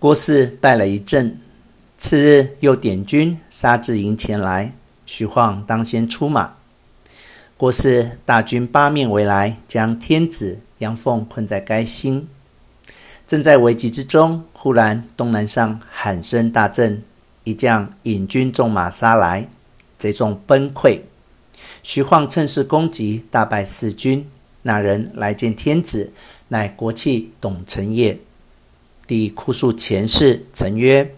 郭汜敗了一陣，次日又點軍殺至營前來。徐晃當先出馬，郭汜大軍八面圍來，將天子楊奉困在垓心。正在危急之中，忽然東南上喊聲大震，一將引軍縱馬殺來，賊眾崩潰。徐晃趁勢攻擊，大敗四軍。那人來見天子，乃國戚董承業。帝哭訴前世，臣曰：“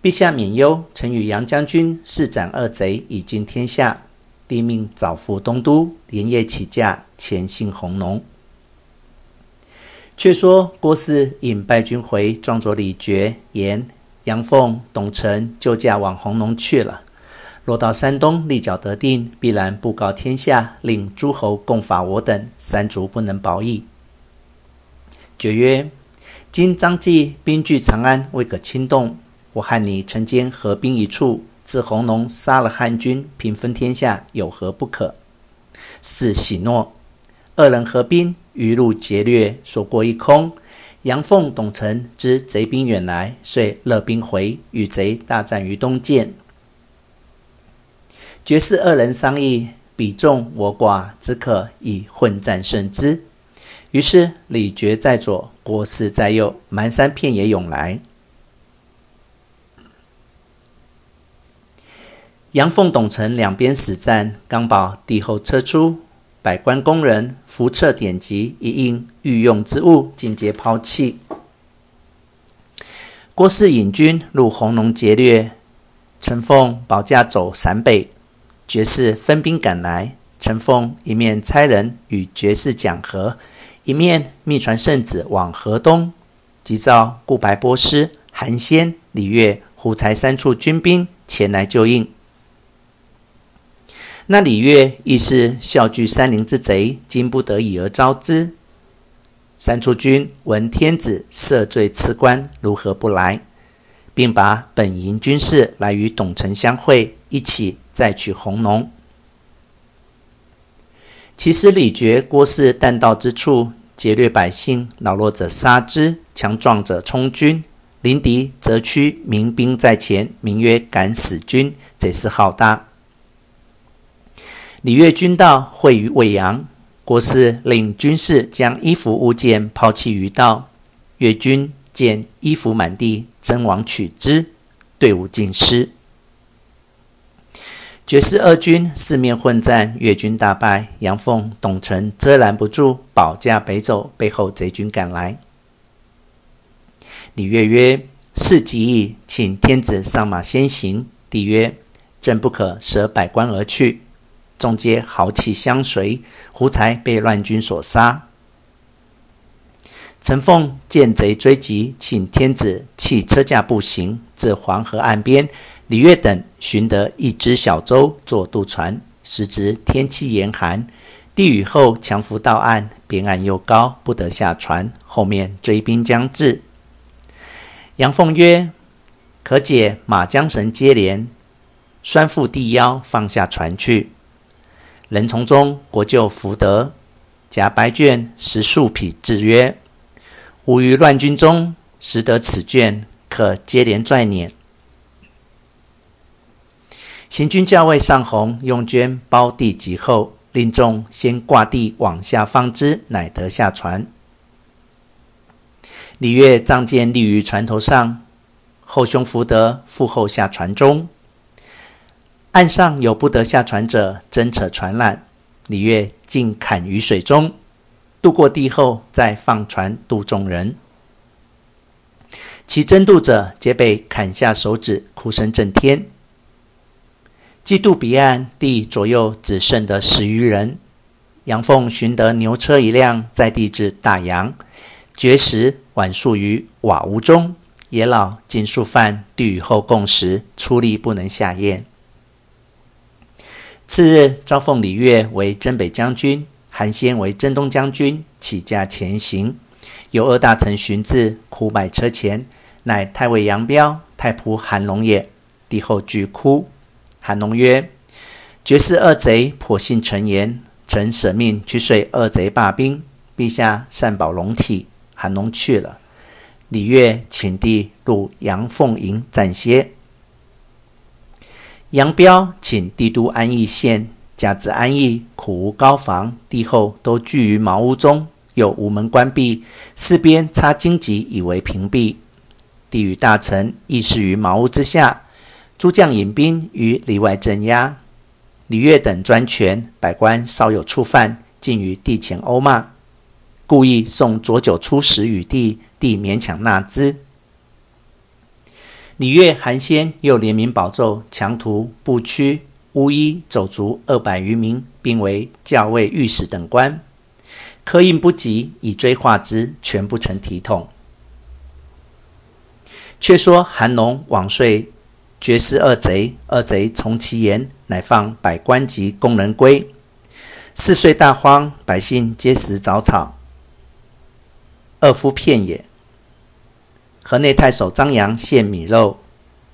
陛下免憂，臣與楊將軍誓斬二賊，以盡天下。”帝命早赴東都，連夜起駕前行弘農。卻說郭汜引敗軍回，撞着李傕、言、楊奉、董承，就駕往弘農去了。若到山東，立腳得定，必然布告天下，令諸侯共伐我等，三族不能保矣。傕曰。今張濟兵據長安，未可輕動。我和你曾經合兵一處，自弘農殺了漢軍，平分天下，有何不可？四喜諾。二人合兵，於路劫掠，所過一空。楊奉、董承知賊兵遠來，遂勒兵回，與賊大戰於東澗。絕世二人商議，彼眾我寡，只可以混戰勝之。於是李傕在左，郭汜在右，滿山遍野湧來。楊奉、董承兩邊死戰，剛保帝後車出，百官宮人點擊、符冊典籍一應御用之物盡皆拋棄。郭汜引軍入弘農劫掠，陳鳳保駕走陝北，傕、汜分兵趕來。陳鳳一面差人與傕、汜講和。一面密傳聖旨往河東，急召故白波帥、韓暹、李樂、胡才三處軍兵前來救應。那李樂亦是嘯聚山林之賊，今不得已而招之。三處軍聞天子赦罪賜官，如何不來？並把本營軍士來與董承相會，一起再取弘農。其時李傕、郭汜但到之處。劫掠百姓，老弱者殺之，強壯者充軍。臨敵則驅民兵在前，名曰敢死軍，賊勢浩大。李越軍到會於未陽。郭汜令軍士將衣服物件拋棄於道，越軍見衣服滿地，爭往取之，隊伍盡失。絕世二軍四面混戰，越軍大敗。楊奉、董承遮攔不住，保駕北走，背後賊軍趕來。李越曰：“事急矣，請天子上馬先行。”帝曰：“朕不可舍百官而去。”眾皆豪氣相隨。胡才被亂軍所殺。承奉見賊追急，請天子棄車駕步行，至黃河岸邊。李樂等尋得一隻小舟，作渡船。時值天氣嚴寒，帝與後強扶到岸，邊岸又高，不得下船。後面追兵將至，楊奉曰：“可解馬韁繩，接連拴縛帝腰，放下船去。”人叢中國舅伏德挾白絹十數匹，至，曰。吾於亂軍中拾得此卷，可接連拽捻。行軍校尉尚弘用絹包帝及後，令眾先掛帝往下放之，乃得下船。李樂仗劍立於船頭上，後兄伏德負後下船中。岸上有不得下船者，爭扯船纜。李樂盡砍於水中。渡過地後，再放船渡眾人。其爭渡者皆被砍下手指，哭聲震天。既渡彼岸地，左右只剩得十餘人。楊奉尋得牛車一輛，載地至大洋，絕食，晚宿於瓦屋中。野老進粟飯地與後共食，粗糲不能下咽。次日，詔封李樂為征北將軍。韓暹為征東將軍，起駕前行，有二大臣尋至，哭拜車前，乃太尉楊彪、太僕韓融也。帝後俱哭。韓融曰：“傕汜二賊，頗信臣言，臣舍命去，說二賊罷兵。陛下善保龍體。”韓融去了。李樂請帝入楊奉營暫歇。楊彪請帝都安邑縣。家之安邑，苦無高房。帝後都居於茅屋中，又無門關閉，四邊插荊棘以為屏蔽。帝與大臣議事於茅屋之下，諸將引兵於里外鎮壓。李樂等專權，百官稍有觸犯，竟於帝前毆罵。故意送濁酒粗食與帝，帝勉強納之。李樂韓暹又聯名保奏，強徒不屈。烏巫醫走卒二百餘名，並為校尉、御史等官，刻印不及，以錐畫之，全不成體統。卻說韓融往說傕、汜二賊，二賊從其言，乃放百官及宮人歸。是歲大荒，百姓皆食棗草，餓莩遍野。河內太守張楊獻米肉，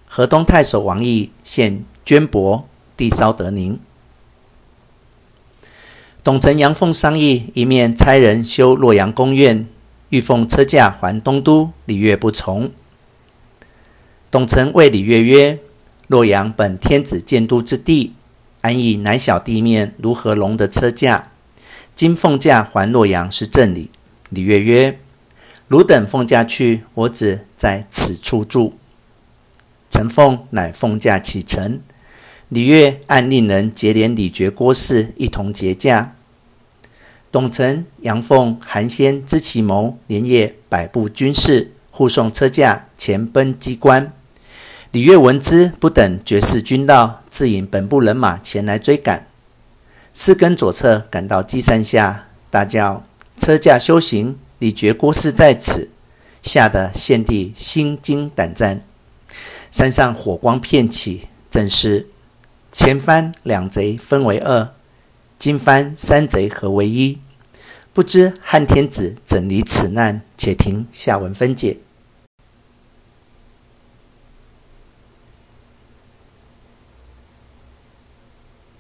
河東太守王邑獻絹帛。帝稍得寧。董承、楊奉商議，一面差人修洛陽宮院。欲奉車駕還東都。李樂不從。董承謂李樂曰：“洛陽本天子建都之地，安邑乃小地面，如何容得車駕？今奉駕還洛陽是正理。”李樂曰：“汝等奉駕去，我只在此處住。”承奉乃奉駕起程。李樂暗令人結連李傕、郭汜一同劫駕。董承、楊奉、韓暹知其謀，連夜擺布軍士，護送車駕前奔箕關。李樂聞之，不等絕士軍到，自引本部人馬前來追趕。四更左側趕到箕山下，大叫：“車駕休行！”李傕、郭汜在此，嚇得獻帝心驚膽戰。山上火光遍起，正是。前番兩賊分為二，今番三賊合為一，不知漢天子怎離此難？且聽下文分解。